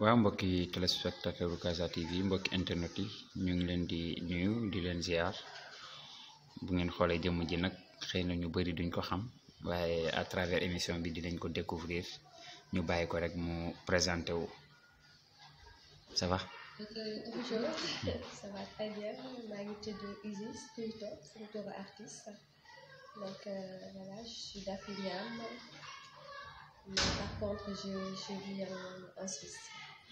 waaw mbokki téléspectateur de Casa TV internet yi ñu ngi di nuyu di ziar bu ngeen un nag na ñu duñ ko xam à travers émission bi dinañ ko découvrir ñu bàyyi rek présenté wu ça va. bonjour ça va très bien euh, je suis par contre je je vis en Suisse.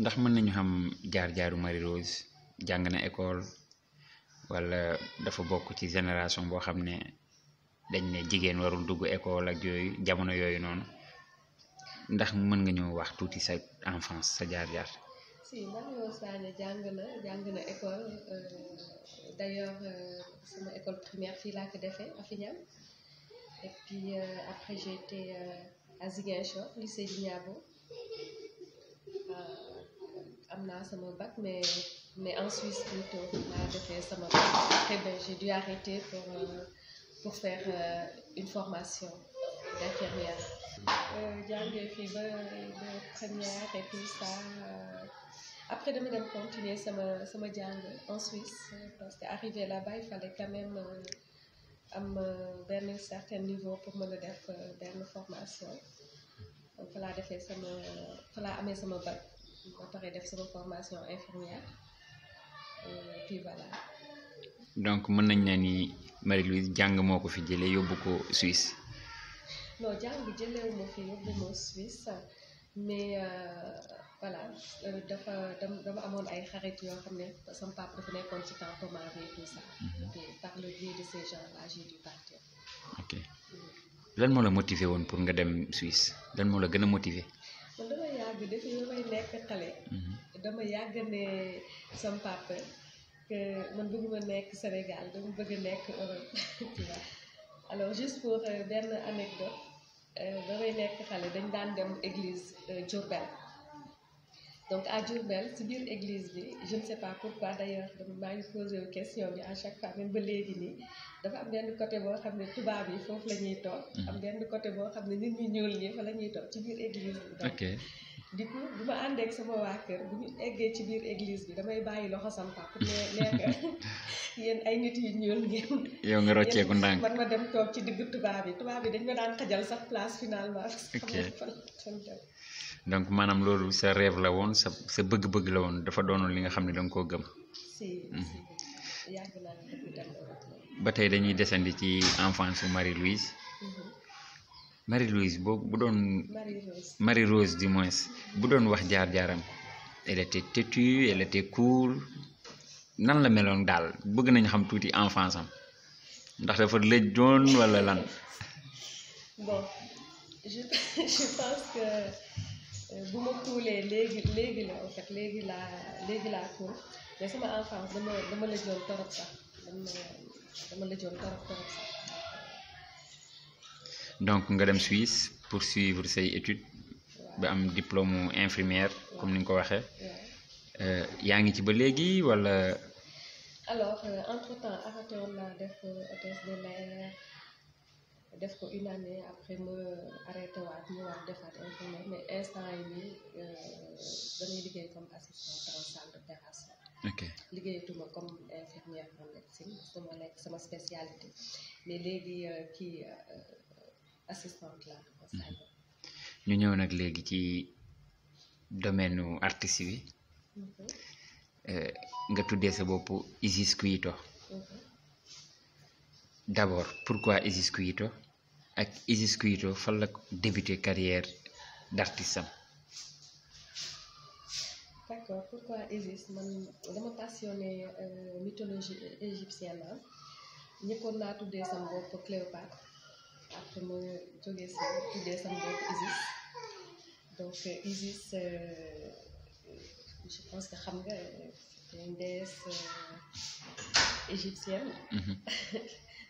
ndax mën nañu xam jaar-jaaru Marie Rose jàng na école wala dafa bokk ci génération boo xam ne dañ ne jigéen warul dugg école ak yooyu jamono yooyu noonu ndax mën nga ñëw wax tuuti sa enfance sa jaar-jaar. si Marie Rose Sané jàng na jàng na école euh, d'ailleurs euh, école primaire fii laa ko defee à Fignane et puis euh, après j'ai été à Ziguinchor lycée Djignabo. amna naa sama bac mais mais en Suisse plutôt laa bac après ben, j'ai dû arrêter pour euh, pour faire euh, une formation d'infirmière. Euh, jàngee fait ba de première et tout ça après de me continuer sama en Suisse parce que arrivé là-bas il fallait quand même am un certain niveau pour me donner une formation donc fa j'ai defee ça me, bac. Ya. Eh, donc mën nañ ne ni Marie Louise jàng moo ko fi jëlee yóbbu ko Suisse non jàng jëleewu ma fi yóbbu ma Suisse mais euh, voilà euh, dafa dama amoon ay xarit yoo xam ne sama papa dafa nekkoon ci campement bi tout ça mhm. et par le biais de ces gens là j'ai dû partir ok mm. lan moo la motivé woon pour nga dem Suisse lan moo la gën a motivé man dama yàgg depuis ba nekk xale. Mhm. dama yàgg ne sam man bëgguma nekk Sénégal dama bëgg nekk Europe tu vois alors juste pour euh, benn anecdote euh, ba nekk xale dañ daan dem église euh, Diourbel. donc à Diourbel ci biir église bi je ne sais pas pourquoi d' ailleurs maa ngi posé wu question bi à chaque fois ba léegi nii dafa am benn côté boo xam ne tubaab yi foofu la ñuy toog. Mhm. am benn côté boo xam ne nit ñu ñuul ñi fa la ñuy toog ci biir église bi. ok du coup bu ma àndee sama waa kër bu ñu eggee ci biir église bi damay bàyyi loxo sama papa ne nekk yéen ay nit yu ñuul ngeen. yow nga rocceeku ndànk man ma dem toog ci diggu tubaab yi tubaab yi dañ ma daan xajal sax place finalement. ok donc manam lolu sa rêve la won sa sa bëgg-bëgg la won dafa doonoon li nga xamni dang ko gëm. Mhm. ba tey dañuy desandi ci enfance Marie Louise. Marie mhm. Louise bo bu doon. Marie Rose du moins bu doon wax jaar-jaaram. elle était têtue elle était cool nan la melone dal bëgg nañ xam tuuti enfance am ndax dafa lej doon wala lan. bon je, je pense que. bu ma tuulee léegi léegi la en fait léegi laa léegi laa tuul mais sama enfance dama dama lëjoon torop sax dama dama lëjoon torop torop sax. donc nga dem Suisse poursuivre say études. ba am diplôme infirmière comme ni nga ko waxee. Euh, yaa ngi ci ba léegi wala. alors euh, entre temps arrêté woon naa def euh, hôtesse de l'air. def ko une année après ma arrêté waat ñëwaat defaat infirmière mais instant yi nii euh, damay liggéey comme assistant dans salle d'opération. ok liggéeyatuma léegi euh, kii euh, assistante la mhm. ñu ñëw nag léegi ci domaine artiste bi. Mhm. nga tuddee sa boppu Isis Kuito. Mhm. d'abord pourquoi Isis Kuito Et Isis Kuito fallait la carrière d'artiste d'accord pourquoi Isis man suis passionné euh, mythologie égyptienne Je suis tout la sama pour Cléopâtre après je suis si tuddee sama pour Isis donc Isis euh, je pense que c'est une déesse euh, égyptienne. Mhm.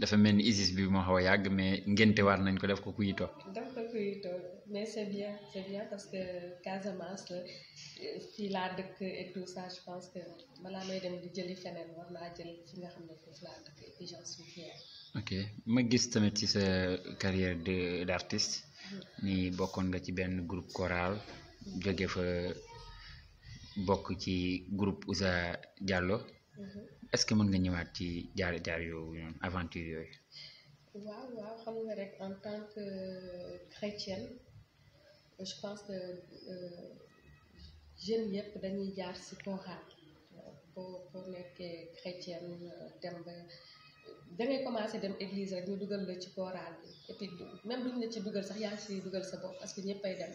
dafa mel ni ISIS bi moo xaw a yàgg mais ngénte war nañ ko def ko kuyito. def ko kuyito mais c' bien c' bien parce que Casamance la fii laa dëkk et tout pense que balaa may dem di jëli feneen war naa jël fi nga xam ne foofu laa dëkk et puis ok ma gis tamit ci sa carrière de d' artiste. Mm. bokkoon nga ci benn groupe choral. jóge fa bokk ci groupe Ousa Diallo. Mm-hmm. est-ce que mën nga ñëwaat ci jaar-jaar yooyu noonu aventure yooyu. waaw waaw xam nga rek en tant que euh, chrétienne je pense que euh, jeune yépp dañuy jaar ci tooxaat euh, pour pour nekkee chrétienne dem ba da ngay commencé dem église rek ñu dugal la ci chorale bi et puis même duñ la ci dugal sax yaa ngi ci dugal sa bopp parce que ñeppay dem.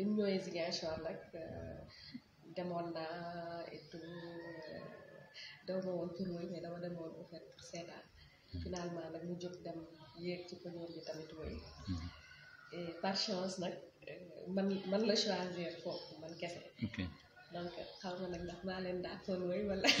bi mu ñëwee Ziguinchor euh, demoon na et tout euh, daw pour wéy mais dama demoon bu fekk pour finalement nag mu jóg dem yéeg ci pëñoor bi tamit wéy mm-hmm. et par chance nag euh, man man la choisir foofu man kese donc xaw ma nag ndax leen daa toon wala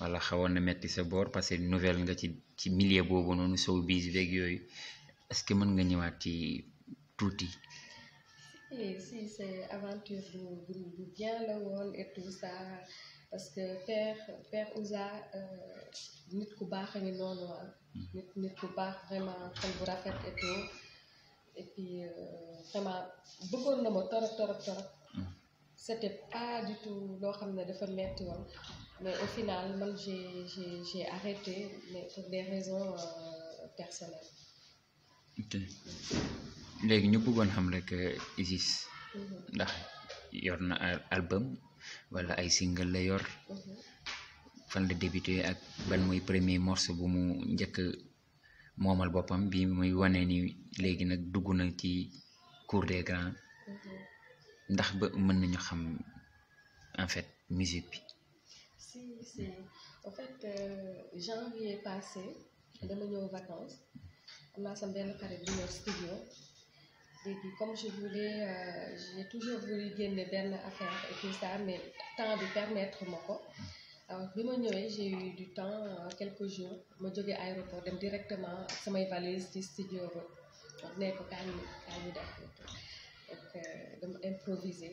wala xawoon na metti sa bor parce que nouvelle nga ci ci milieu boobu non, sow biis beeg yoy est-ce que mën nga ñewat ci tuuti. Eh, si c'est aventure du du bien la woon et tout ça parce que père père euh nit ku bax ni ngi noonu ah. hmm. nit nit ku bax vraiment xel bu rafet et tout et puis euh, vraiment bëggoon na ma torop torop torop. Hmm. c'était pas du tout loo xam ne dafa metti woon. Mais au final, moi, j'ai j'ai arrêté mais pour des raisons euh, personnelles. ok léegi ñu bëggoon xam rek euh, Isis. Mm-hmm. ndax yor na album wala ay single la yor. Mm-hmm. fan la débuté ak ban mooy premier morceau bu mu njëkk moomal boppam bi muy wane ni léegi nag dugg na ci cour des grands. Mm-hmm. ndax ba mën xam en fait musique si, si. En fait, euh, janvier passé, dama en vacances On naa sama benn xarit studio et comme je voulais euh, j'ai toujours voulu génne dernières affaires et tout ça mais temps de permettre ma ko alors bi ma j'ai eu du temps euh, quelques jours je suis allée à l'aéroport, directement samay valise du studio pour venir kaay ñu à donc euh, improviser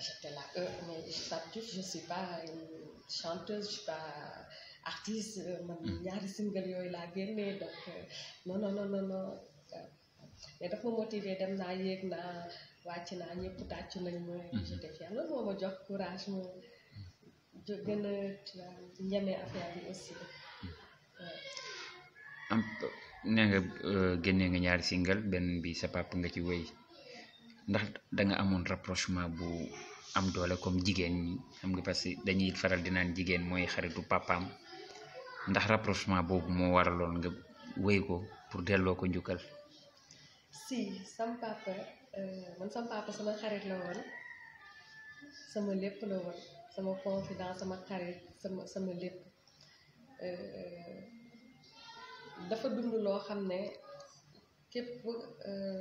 j'étais là, euh, mais je sais je suis pas une chanteuse, je artiste, euh, hmm. ñaari single yooyu laa génnee donc euh, non non non non non euh, mais dafa ma motivé dem naa yéeg naa naa ñëpp tàcc nañ ma. Hmm. j'étais courage ma gën a ñeme affaire bi aussi. Hmm. am nee nga génnee nga ñaari single benn bi sa papa nga ci wéy. ndax nga amoon rapprochement bu am doole comme jigéen ñi xam nga parce que dañuy faral di naan jigéen mooy xaritu papaam ndax rapprochement boobu moo waraloon nga wéy ko pour delloo ko njukkal si sam papa euh, man sam papa sama xarit la woon sama lépp la woon sama confident sama xarit sama sama lépp euh, dafa dund loo xam ne képp euh,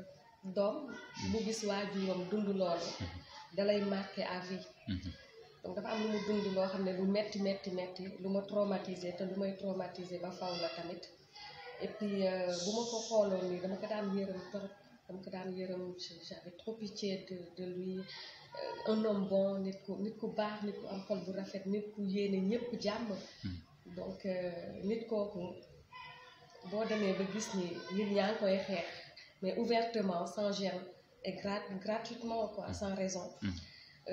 doom bu gis waajuram dund loolu dalay marqué à vie mhm. donc dafa am lu mu dund loo xam ne lu metti metti metti lu ma traumatisé te lu may traumatisé ba faw la tamit et puis euh, bu ma ko xooloon nii dama ko daan yërëm trop dama daan yërëm j'avais trop pitié de de lui euh, un homme bon nit ku baax nit ku am xol bu rafet nit ku yéene ñëpp jàmm mhm. donc euh, nit kooku boo demee ba gis ni nit ñaa ngi koy xeex mais ouvertement sans gêne et grat gratuitement quoi mm. sans raison. Mm.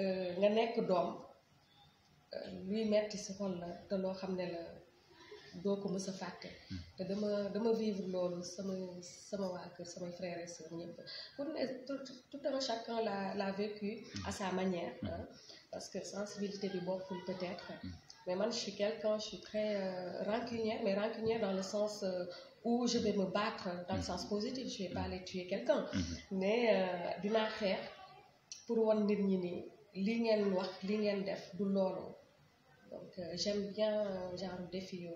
Euh, nga nekk doom euh, luy metti si xol la te loo xam ne la doo ko mës de me mm. te dama dama vivre loolu sama sama waa ça mes frères et sœurs ñëpp tout, tout un chacun l'a l'a vécu à sa manière. Hein, parce que sensibilité bi bokkul peut-être. Mais moi, je suis quelqu'un, je suis très euh, rancunière, mais rancunière dans le sens euh, où je vais me battre dans le mm-hmm. sens positif. Je ne vais pas aller tuer quelqu'un. Mm-hmm. Mais euh, d'une pour def donc j'aime bien genre défi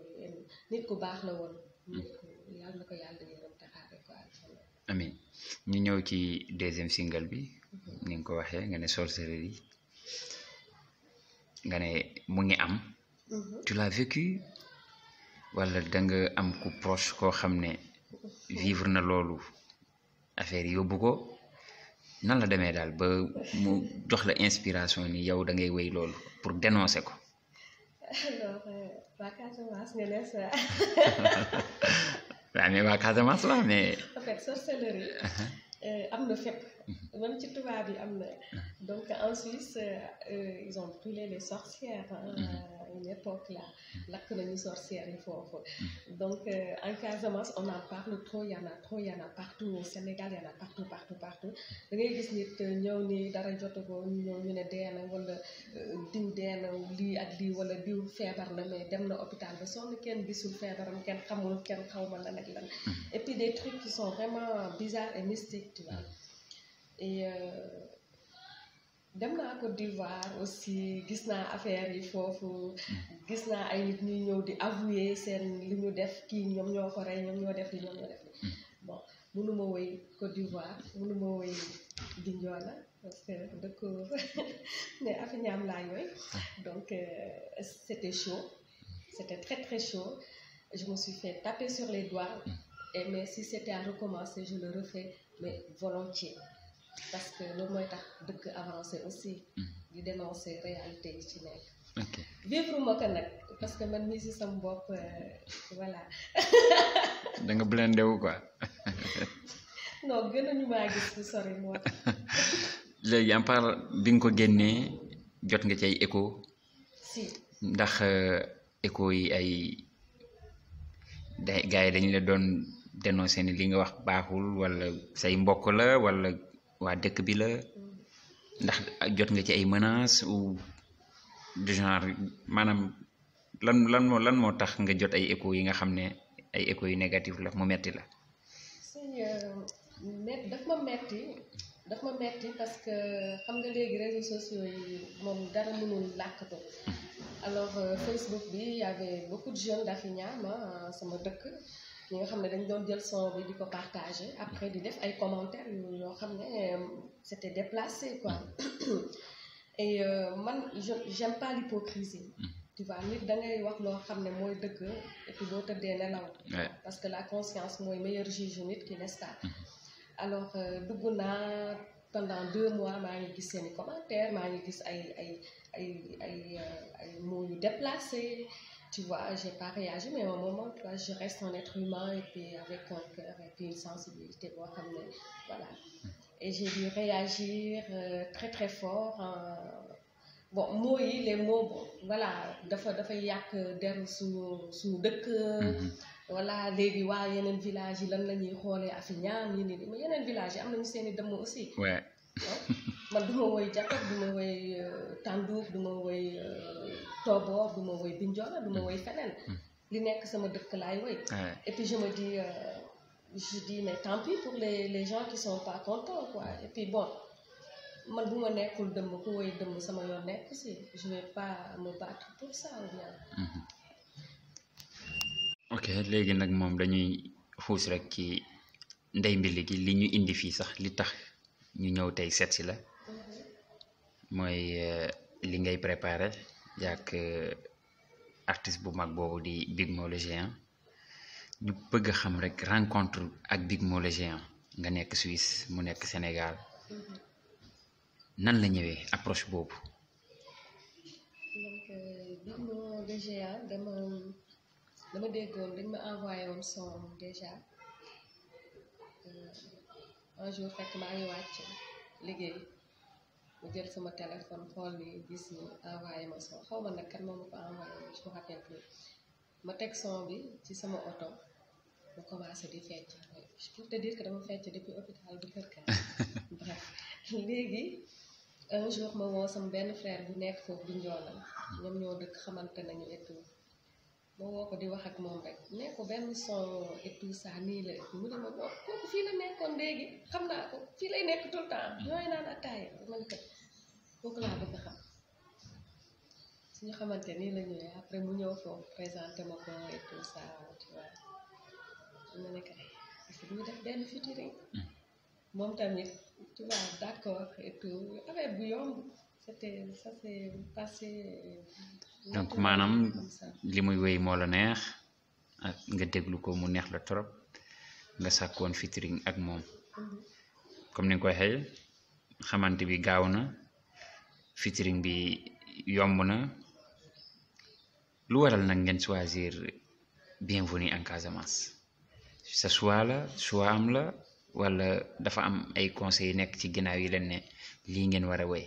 nit ku baax la mm-hmm. deuxième single ni Mm-hmm. tu l'as vécu wala da nga am ku proche koo xam ne vivre na loolu affaire yóbbu ko nan la demee daal ba mu jox la inspiration ni yow da ngay wéy loolu pour dénoncer ko. Euh, waa Casamance nga ne ça. waaw mais waa Casamance la mais. en fait sorcellerie. Uh-huh. Euh, am na fépp. Même petit tout va Donc en Suisse, euh, euh, ils ont brûlé les sorcières hein, mm -hmm. à une époque là, mhm. la colonie sorcière, il faut. Mhm. Donc euh, en Casamance, on en parle trop, il y en a trop, il y en a partout. Au Sénégal, il y en a partout, partout, partout. Da ngay gis nit euh, ñëw ni dara jotu ko ñëw ñu ne dee na wala euh, diw dee na lii ak lii wala diw feebar na mais dem na hôpital ba sonn kenn gisul feebaram kenn xamul kenn xaw ma lan ak lan. Mhm. Et puis des trucs qui sont vraiment bizarres et mystiques, tu vois et euh, Côte d'Ivoire aussi gis affaire yi foofu gis ay nit di avouer def bon d'Ivoire parce donc euh, c'était chaud c'était très très chaud je me suis fait taper sur les doigts et mais si c'était à recommencer je le refais mais volontiers parce que loolu mooy tax dëkk avancé aussi. Mm-hmm. di dénoncer réalité yi ci nekk. vivre ma ko nag parce que man mii si sama bopp euh, voilà. da nga blindé wu quoi. non gënuñu maa gis lu sori moo léegi en part bi nga ko génnee jot nga ci ay écho. si ndax euh, écho yi ay day gars yi dañu la doon dénoncé ni li nga wax baaxul wala say mbokk la wala. waa dëkk bi la ndax jot nga ci ay menaces ou du genre maanaam lan lan moo tax nga jot ay échos yi nga xam ne ay échos yu négatif la mu metti la. daf ma metti daf ma metti parce que xam nga léegi réseaux sociaux yi moom dara mënul làkkatu hmm. alors euh, Facebook bi y avait beaucoup de jeunes d'Afignane sama dëkk. ñi nga xam ne dañ doon jël son bi di ko partagé après di def ay commentaires yoo xam ne euh, c'était déplacé quoi et euh, man je j'aime pas l'hypocrisie mm-hmm. tu vois nit da ngay wax loo xam ne mooy dëgg et puis boo tëddee nelaw parce que la conscience mooy meilleur juge nit ki nest mm-hmm. alors euh, dugg naa pendant deux mois maa ngi gis seeni commentaires maa ngi gis ay ay ay ay mots yu déplacé tu vois, j'ai pas réagi, mais au moment, tu vois, je reste un être humain et puis avec un cœur et puis une sensibilité, moi, comme les, voilà. Et j'ai dû réagir euh, très très fort. Hein. bon moi les mots bon voilà dafa dafa yàq deru sous suñu dëkk. Mm-hmm. voilà léegi waa yeneen village yi lan la ñuy xoolee Afiña ñu ne mais yeneen village a am nañu seen i dëmm aussi. Ah, man du ma woy jàkkaard du ma woy euh, tànduuf du ma woy. Euh, tooboo du ma woy Binjoola du ma mm. woy feneen mm. li nekk sama dëkk laay woy et puis je me dis euh, je dis mais tant pis pour les les gens qui sont pas contents quoi et puis bon man bu ma nekkul dëmm ku woy dëmm sama yoon nekk si je vais pas me battre pour ça ou bien. Mm-hmm. ok léegi nag moom dañuy xuus rek ci ndey mbili gi li ñu indi fii sax li tax ñu ñëw tey seet si la mm-hmm. mooy euh, li ngay préparer yàgg artiste bu mag bobu di Big Mo ñu bëgg xam rek rencontre ak Big Mo nga nekk Suisse mu nekk Sénégal mhm. nan la ñëwé approche bobu donc euh, Big Mo dama dama déggoon dañ ma envoyé woon son déjà euh, un jour fekk maa ngi wàcc liggéey. mu jël sama téléphone xool ni gis ni envoyé ma son xaw ma nag kan moom ma ko envoyé je me rappelle plus ma teg son bi ci sama oto mu commencé di fecc pour te dire que dama fecc depuis hôpital bu Kër Ka bref léegi un ma woo sama benn frère bu nekk foofu bu Njoolal ñoom ñoo dëkk xamante nañu et moo woo ko di wax ak moom rek nee ko benn son et tout nii la mu ne ma fii la nekkoon léegi xam naa ko fii lay nekk tout le temps ñooy naan attaaya man kat kooku laa bëgg a xam suñu xamante nii la ñëwee après mu ñëw foofu présenté ma ko et tout ça ma ne kat eh, bu def benn featuring moom tamit tu vois d' accord et tout affaire bu yomb c' était ça s' est donc maanaam li muy wéy moo la neex nga déglu ko mu neex la trop nga sàkkoon featuring ak moom comme ni nga ko waxee xamante bi gaaw na featuring bi yomb na lu waral nag ngeen choisir bienvenue en Casamance sa choix la choix am la walla dafa am ay conseils yu nekk ci ginnaaw yi leen ne lii ngeen war a wéy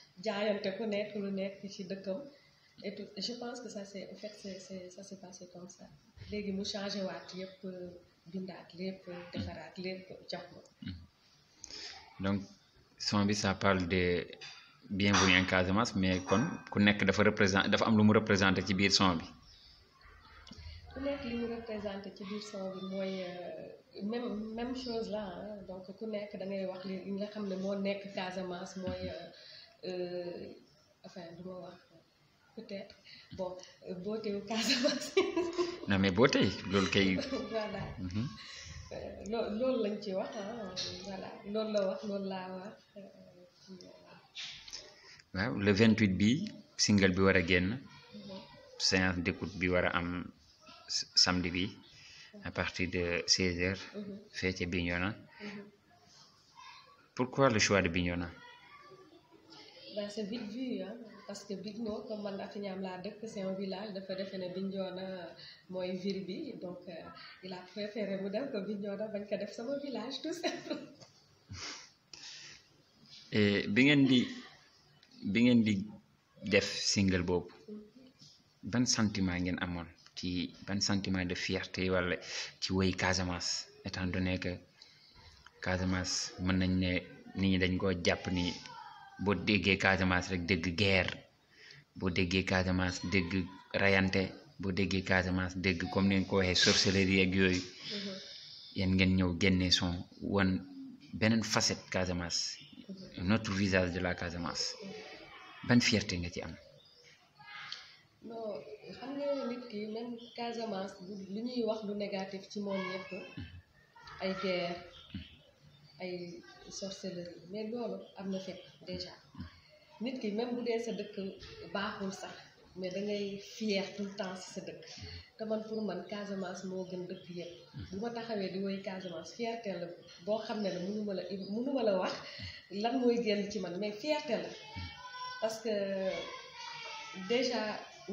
jaayante ku nekk lu nekk ci dëkkam et tout je pense que ça c'est en fait c'est ça s'est passé comme ça léegi mu changé waat yëpp bindaat lépp defaraat lépp jox ma mm-hmm. donc son bi ça parle de bienvenue en Casamance mais kon ku nekk dafa représenté dafa am lu mu représenté ci biir son bi ku nekk li mu représenté ci biir son bi mooy euh, même même chose là hein. donc ku nekk da ngay wax li nga xam ne moo nekk Casamance mooy euh, euh, enfin wax peut-être bon euh, beauté wu Casamance. non mais beauté loolu kay. voilà. Mhm. Euh, loo loolu lañ ci wax hein, voilà loolu la wax loolu laa wax. le 28 bi single bi wara a mhm. séance d'écoute bi wara am samedi bi à mhm. partir de 16 h fête et Bignona. pourquoi le choix de Bignona. Ben, c'est vite vu hein, parce que Bignona comme man ak ñaam laa dëkk c'est un village dafa defe ne Bignona mooy ville bi donc euh, il a préféré mu dem que Bignona bañ ko def sama village tout simplement. bi ngeen di bi ngeen di def single boobu ban sentiment ngeen amoon ci ban sentiment de fierté wala ci woy Casamance étant donné que Casamance mën nañ ne nit ñi dañ koo jàpp ni. boo déggee Casamance rek dégg guerre boo déggee Casamance dégg rayante boo déggee Casamance dégg comme ni nga ko waxee sorcellerie ak yooyu mm-hmm. yéen ngeen ñëw génnee son wan beneen facette Casamance mm-hmm. notre visage de la Casamance ban fierté nga ci am. xam nga nit ki même Casamance lu ñuy wax lu négatif ci moom yëpp mm-hmm. ay guerre. ay sorcellerie mais loolu am na fépp déjà nit ki même bu dee sa dëkk baaxul sax mais da ngay fier tout le temps si sa dëkk te man pour man Casamance moo gën dëkk yëpp bu ma taxawee di woy Casamance fierté la boo xam ne la mënu ma la mënu ma la wax lan mooy génn ci man mais fierté la parce que déjà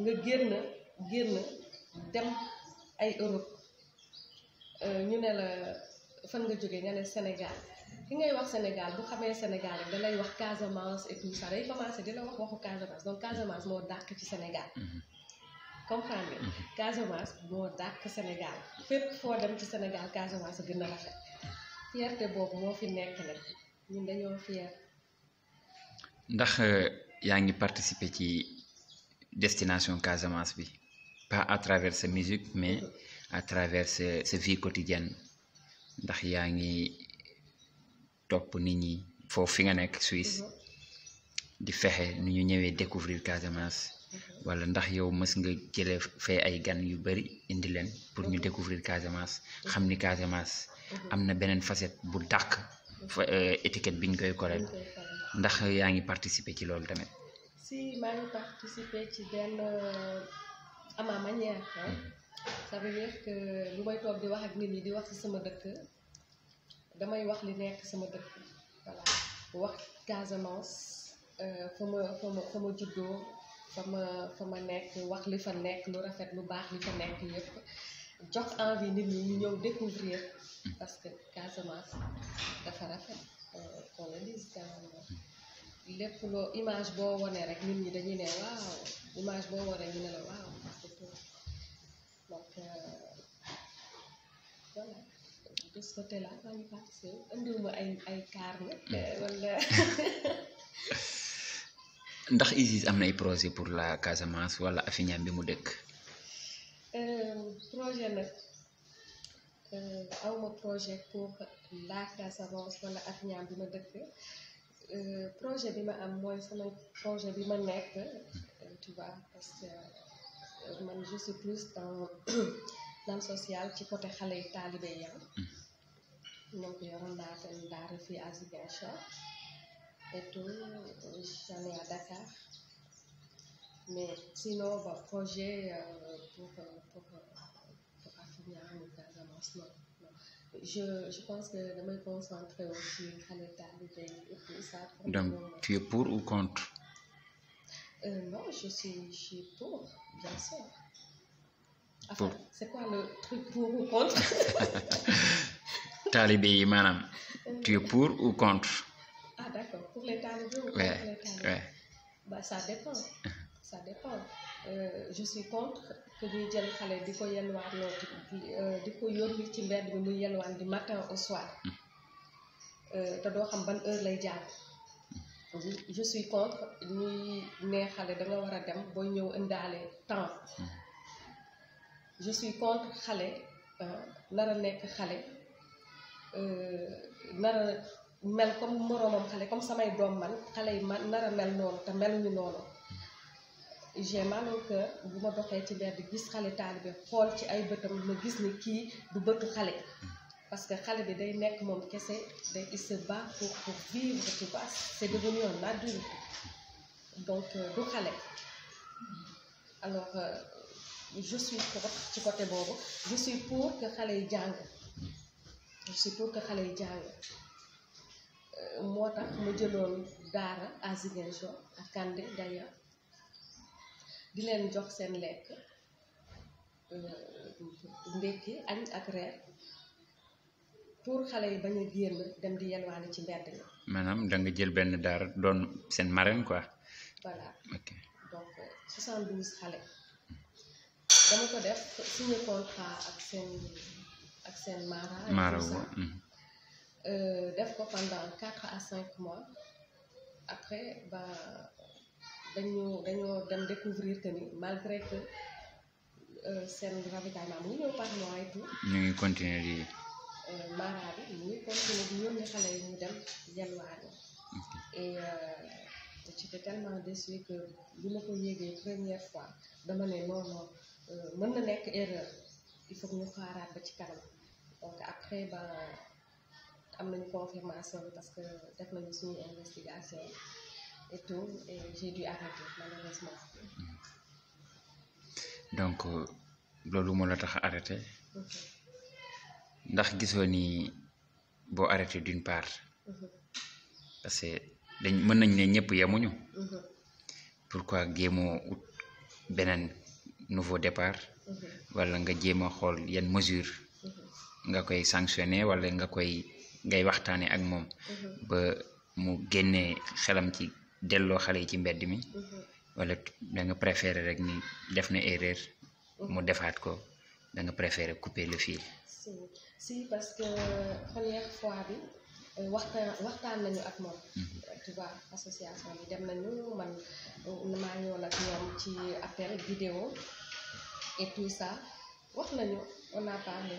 nga génn génn dem ay Europe euh, ñu ne la fan nga jógee nga ne Sénégal ki ngay wax Sénégal Sénégal wax Casamance et tout ça wax Casamance donc Casamance ci Sénégal. Mhm. comprendre mhm. Casamance Sénégal dem ci Sénégal Casamance fierté fi ñun ndax destination Casamance bi pas à travers sa musique mais à travers suis vie quotidienne ndax top nit ñi foofu fi nga nekk Suisse mhm. di fexe nu ñu ñëwee découvrir Casamance mhm. wala ndax yow mës nga jële fee ay gan yu bari indi leen pour ñu mhm. découvrir Casamance xam ni Casamance am na beneen facette bu dàq fa euh, étiquette biñ koy koreel ndax yaa ngi participer ci loolu tamit. si maa ngi participer ci benn euh, à manière ça veut dire que lu may toog di wax ak nit ñi di wax si sama dëkk. damay wax li nekk sama dëkk voilà wax Casamance euh, fa ma fa juddoo fa ma nekk wax li fa nekk lu rafet lu baax li fa nekk yëpp jox envie nit ñi ñu ñëw découvrir parce que Casamance dafa rafet euh, lépp loo image boo wonee rek nit ñi dañuy ne waaw image boo wonee ñu ne la waaw parce que donc euh, voilà de ce côté-là, participer ay ay mm. eh, wala. ndax ay projet pour la Casamance wala euh, projet euh, projet pour la wala je euh, projet am projet tu vois parce que je suis plus dans. social ci côté xale yi donc, on a fait une barre ici à Ziguinchor et tout, euh, j'en ai à Dakar. Mais sinon, bah, projet euh, pour, euh, pour, pour, Affinia mon Casamance, non. Je, je pense que je me concentrer aussi à l'état et tout ça. Donc, tu es pour ou contre euh, Non, je suis, je suis pour, bien sûr. Enfin, c'est quoi le truc pour ou contre talibé yi maanaam tu es pour ou contre. ah d'accord pour les talibés ou ouais, contre les talibés. Ouais. Bah, ça dépend ça dépend euh, je suis contre que ñuy jël xale di ko yelwaanoo euh, di ko yóbbu ci mbedd bi muy yelwaan di matin au soir euh, te doo xam ban heure lay jàng je suis contre ñuy ne xale da nga war a dem booy ñëw indaale temps je suis contre xale euh, nar a nekk xale. Euh, nar a mel comme moroomam comme samay doom man xale yi man nar mel noonu te meluñu non. j'ai mal au cœur buma doxé doxee ci mbedd gis xale talibé xol ci ay bëtam ma gis ni ki du bëtu xale parce que xale bi day nek mom kessé day il se bat pour pour vivre tu vois c'est devenu un adulte donc euh, du xale alors euh, je suis pour ci côté boobu je suis pour que xale yi c'est pour que xale yi jàng euh, moo tax mu jëloon daara à Ziguinchor ak Kande Daya di leen jox seen lekk euh, ndekki añ ak reer pour xale yi bañ a génn dem di yelwaane ci mbedd mi. maanaam da jël benn daara doon seen marraine quoi. voilà ok donc xale dama ko def signé contrat ak seen. ak seen maara maara mhm. euh, pendant quatre à cinq mois après bah, découvrir que malgré que c'est euh, une mu par mois et tout ngi continuer di et j'étais tellement déçue que bi ma ko première fois dama ne non non euh, mën erreur il faut que ñu ba ci donc après ba eu une confirmation parce que def nañu une investigation et tout et j'ai dû arrêter malheureusement. Mm-hmm. donc je euh, moo la tax arrêté mm-hmm. ndax gisoo ni arrêté d'une part mm-hmm. parce que dañ mën nañ ne ñëpp yemuñu pourquoi géemoo eu un nouveau départ wala nga jéem a eu mesures? mesure nga koy sanctionné wala nga koy ngay waxtaane ak moom mhm. ba mu génnee xelam ci delloo xale yi ci mbedd mi mhm. wala da nga préféré rek ni def na erreur mhm. mu defaat ko da nga préféré couper le fil si si parce que première fois bi euh, waxtaan waxtaan nañu ak moom tu vois association bi dem nañu man euh, maa ñëwoon ak ñoom ci affaire vidéo et tout ça wax nañu on a parlé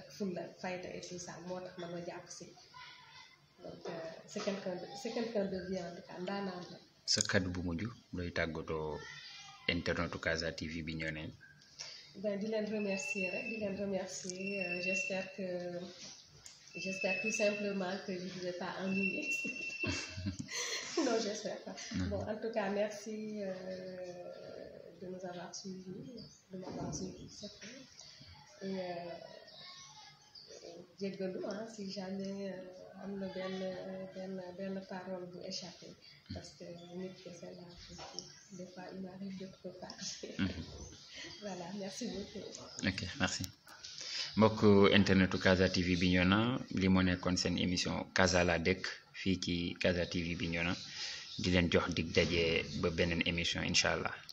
ak fulla ak fayda et tout ça moo tax man ma jàpp si donc euh, c'est quelqu'un de c'est quelqu'un de bien en tout cas ndaanaan la. sa kaddu bu mujj looy tàggatoo internetu Casa TV bi ñoo neen. ben di leen remercier rek di leen remercier euh, j'espère que j'espère tout simplement que je vous ai pas ennuyé non j'espère pas bon en tout cas merci euh, de nous avoir suivis de m'avoir suivi surtout et euh, jéggalu ah si jamais euh, am na ben benn parole bu échapper parce que nit que c'est là des fois il m'arrive de trop parler voilà merci beaucoup. ok merci mbokk internet Casa TV Bignona li moo nekkoon sen émission Casa la dëkk fii ci Casa TV Bignona di len jox dig dajé ba benen émission inshallah